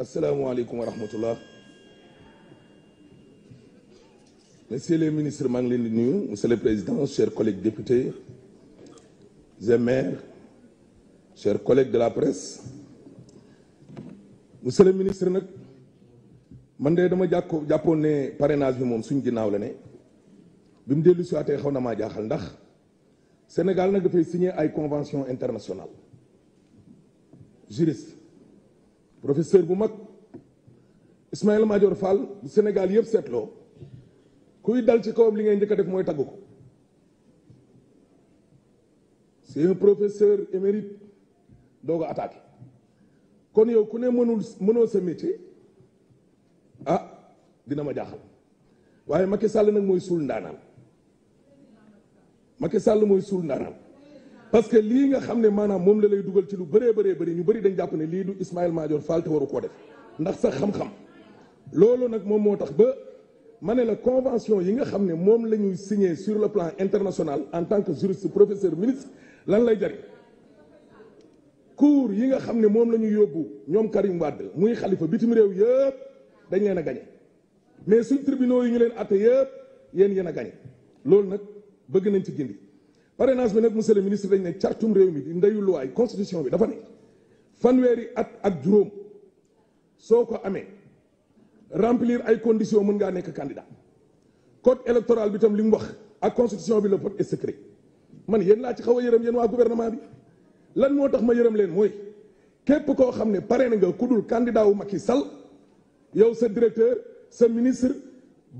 asalaamualeykum wa rahmatullah monsieur les ministre maa ngi leen di nuyu monsieur le président chers collègues députés et maires chers collègues de la presse mu le ministre nag man de dama jàkko jàppoon ne parrainage bi moom suñ ginnaaw la ne bi mu dellu si waatee xaw na maa jaaxal ndax Sénégal nag dafay signer ay convention internationale juriste professeur bu mag Ismaïla Madior Fall bu Sénégal yëpp seetloo kuy dal ci kawam li ngay njëkk a def mooy tagg ko c'est un professeur émérite doo ko attaqué kon yow ku ne mënul mënoo sa métier ah dina ma jaaxal waaye Macky Sall nag mooy suul ndaanaan Macky Sall mooy suul ndaanam parce que lii nga xam ne maanaam moom la lay dugal ci lu bëree bëree bëri ñu bëri dañ jàpp ne lii du Ismaïla Madior Fall te waru koo def ndax sa xam-xam loolu nag moom moo tax ba ma ne la convention yi nga xam ne moom la ñuy signé sur le plan international en tant que juriste professeur ministre lan lay jariñ cours yi nga xam ne moom la ñu yóbbu ñoom Karim Wade muy xalifa bitim réew yëpp dañ leen a gañe mais suñ tribunaux yi ñu leen atte yëpp yéen yéen a gañe loolu nag bëgg nañ ci gindi parrainage bi nag monsieur le ministre dañ ne cartum réew mi di ndeyu luwaay constitution bi dafa ne fanweeri at ak juróom soo ko amee remplir ay conditions mën ngaa nekk candidat code électoral bi tam li mu wax ak constitution bi la vote est secret man yéen laa ci xaw a yërëm yéen waa gouvernement bi lan moo tax ma yërëm leen mooy képp koo xam ne parrainé nga ku dul candidat wu Macky Sall yow sa directeur sa ministre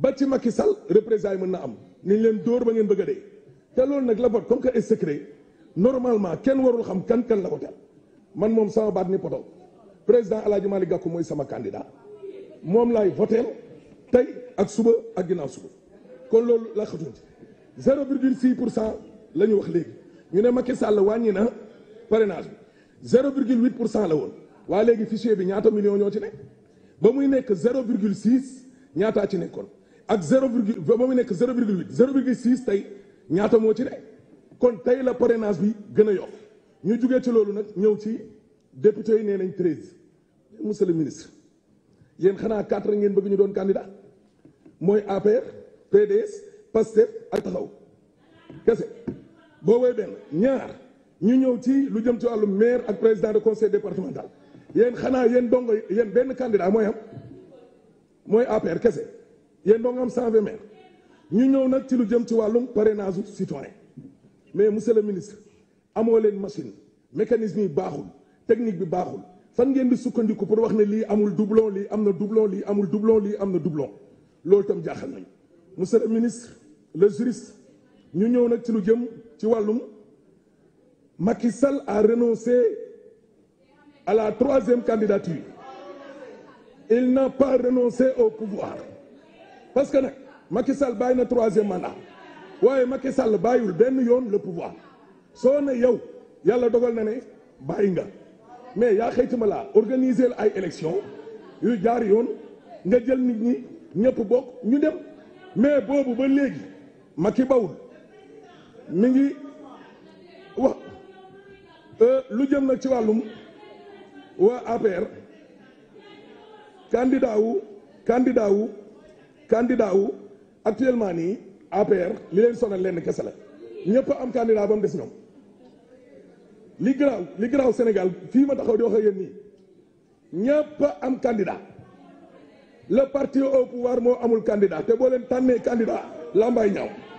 ba ci sal Sall yi mën na am niñ leen dóor ba ngeen bëgg a dee. te loolu nag la vote comme que est normalement kenn warul xam kan kan la ko teel man moom sama baat ni poto président El Hadj Malick Gakou mooy sama candidat moom laay voteel tey ak suba ak ginnaaw suba kon loolu la xatuñ ci 0,6 pour cent la ñu wax léegi ñu ne Macky Sall wàññi na parrainage bi 0,8 pour cent la woon waa léegi fichier bi ñaata million ñoo ci nekk ba muy nekk 0,6 ñaataa ci nekkoon ak 0,ba muy nekk 0,8 0,6 tey. ñaata moo ci ne kon tey la parrainage bi gën a yokk ñu jugee ci loolu nag ñëw ci député yi nee nañ treize. monsieur le ministre yéen xanaa quatre ngeen bëgg ñu doon candidat mooy APR PDS PASTEF ak taxaw kese boobooy benn ñaar ñu ñëw ci lu jëm ci wàllu maire ak président de conseil départemental yéen xanaa yéen dongo yéen benn candidat mooy am mooy APR kese yéen dongo am cent vingt ñu ñëw nag ci lu jëm ci wàllum parrainage citoyen mais monsieur le ministre amoo leen machine mécanisme yi baaxul technique bi baaxul fan ngeen di sukkandiku pour wax ne lii amul doublon lii am na doublon lii amul na lii am na doublon loolu tam jaaxal nañu monsieur le ministre le juriste ñu ñëw nag ci lu jëm ci wàllum Macky Sall a renoncé à la troisième candidature il n'a pas renoncé au pouvoir parce que nag Macky Sall bàyyi na troisième mandat waaye Macky Sall bàyyiwul benn yoon le pouvoir soo ne yow yàlla dogal na ne bàyyi nga mais yaa xëytuma laa organiser la ay élection yuy jaar yoon nga jël nit ñi ñëpp bokk ñu dem mais boobu ba léegi Macky bawul mi ngi wax euh, lu jëm nag ci wàllum wa APR candidat wu candidat wu actuellement nii APR li leen sonal lenn kese la ñëpp am candidat ba mu des ñoom li garaaw li garaaw Sénégal fii ma taxaw di wax ak yéen nii ñëpp am candidat le parti au moo amul candidat te boo leen tànnee candidat lambay ñaaw